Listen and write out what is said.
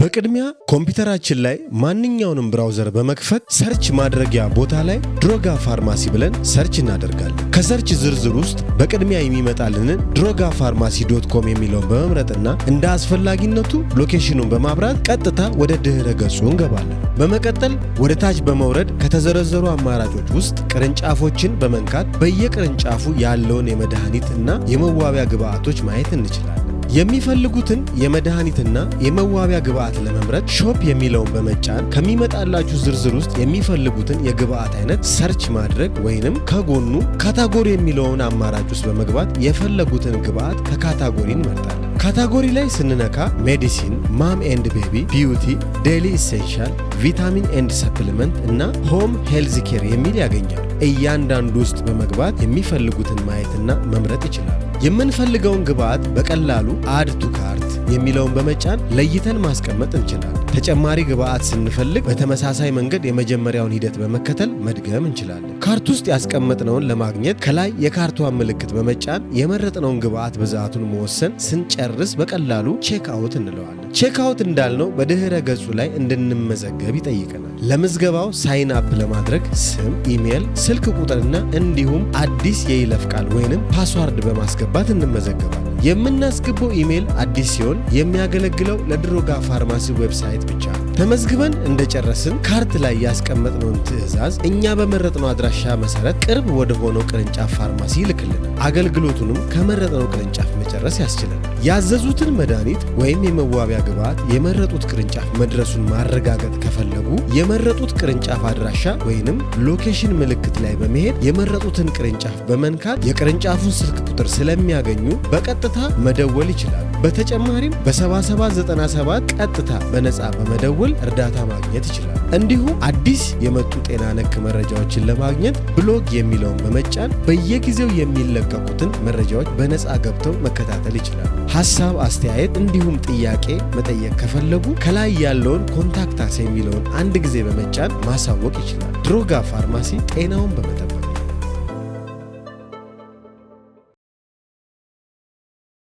በቅድሚያ ኮምፒውተራችን ላይ ማንኛውንም ብራውዘር በመክፈት ሰርች ማድረጊያ ቦታ ላይ ድሮጋ ፋርማሲ ብለን ሰርች እናደርጋለን። ከሰርች ዝርዝር ውስጥ በቅድሚያ የሚመጣልንን ድሮጋ ፋርማሲ ዶት ኮም የሚለውን በመምረጥና እንደ አስፈላጊነቱ ሎኬሽኑን በማብራት ቀጥታ ወደ ድህረ ገጹ እንገባለን። በመቀጠል ወደ ታች በመውረድ ከተዘረዘሩ አማራጮች ውስጥ ቅርንጫፎችን በመንካት በየቅርንጫፉ ያለውን የመድኃኒት እና የመዋቢያ ግብአቶች ማየት እንችላለን። የሚፈልጉትን የመድኃኒትና የመዋቢያ ግብዓት ለመምረጥ ሾፕ የሚለውን በመጫን ከሚመጣላችሁ ዝርዝር ውስጥ የሚፈልጉትን የግብዓት አይነት ሰርች ማድረግ ወይንም ከጎኑ ካታጎሪ የሚለውን አማራጭ ውስጥ በመግባት የፈለጉትን ግብዓት ከካታጎሪ እንመርጣለን። ካታጎሪ ላይ ስንነካ ሜዲሲን፣ ማም ኤንድ ቤቢ፣ ቢዩቲ፣ ዴሊ ኢሴንሻል፣ ቪታሚን ኤንድ ሰፕሊመንት እና ሆም ሄልዝ ኬር የሚል ያገኛል። እያንዳንዱ ውስጥ በመግባት የሚፈልጉትን ማየትና መምረጥ ይችላሉ። የምንፈልገውን ግብዓት በቀላሉ አድ ቱ ካርት የሚለውን በመጫን ለይተን ማስቀመጥ እንችላለን። ተጨማሪ ግብዓት ስንፈልግ በተመሳሳይ መንገድ የመጀመሪያውን ሂደት በመከተል መድገም እንችላለን። ካርት ውስጥ ያስቀመጥነውን ለማግኘት ከላይ የካርቷን ምልክት በመጫን የመረጥነውን ግብዓት ብዛቱን መወሰን ስንጨርስ በቀላሉ ቼክ አውት እንለዋለን። ቼክአውት እንዳልነው በድህረ ገጹ ላይ እንድንመዘገብ ይጠይቀናል። ለምዝገባው ሳይን አፕ ለማድረግ ስም፣ ኢሜይል፣ ስልክ ቁጥርና እንዲሁም አዲስ የይለፍ ቃል ወይንም ፓስዋርድ በማስገባት እንመዘገባለን። የምናስገባው ኢሜይል አዲስ ሲሆን የሚያገለግለው ለድሮጋ ፋርማሲ ዌብሳይት ብቻ ነው። ተመዝግበን እንደጨረስን ካርት ላይ ያስቀመጥነውን ትዕዛዝ እኛ በመረጥነው አድራሻ መሰረት ቅርብ ወደ ሆነው ቅርንጫፍ ፋርማሲ ይልክልናል። አገልግሎቱንም ከመረጥነው ቅርንጫፍ መጨረስ ያስችለናል። ያዘዙትን መድኃኒት ወይም የመዋቢያ ግብዓት የመረጡት ቅርንጫፍ መድረሱን ማረጋገጥ ከፈለጉ የመረጡት ቅርንጫፍ አድራሻ ወይንም ሎኬሽን ምልክት ላይ በመሄድ የመረጡትን ቅርንጫፍ በመንካት የቅርንጫፉን ስልክ ቁጥር ስለሚያገኙ በቀጥታ መደወል ይችላሉ። በተጨማሪም በ7797 ቀጥታ በነፃ በመደወል እርዳታ ማግኘት ይችላል። እንዲሁም አዲስ የመጡ ጤና ነክ መረጃዎችን ለማግኘት ብሎግ የሚለውን በመጫን በየጊዜው የሚለቀቁትን መረጃዎች በነፃ ገብተው መከታተል ይችላል። ሀሳብ፣ አስተያየት እንዲሁም ጥያቄ መጠየቅ ከፈለጉ ከላይ ያለውን ኮንታክት አስ የሚለውን አንድ ጊዜ በመጫን ማሳወቅ ይችላል። ድሮጋ ፋርማሲ ጤናውን በመጠበቅ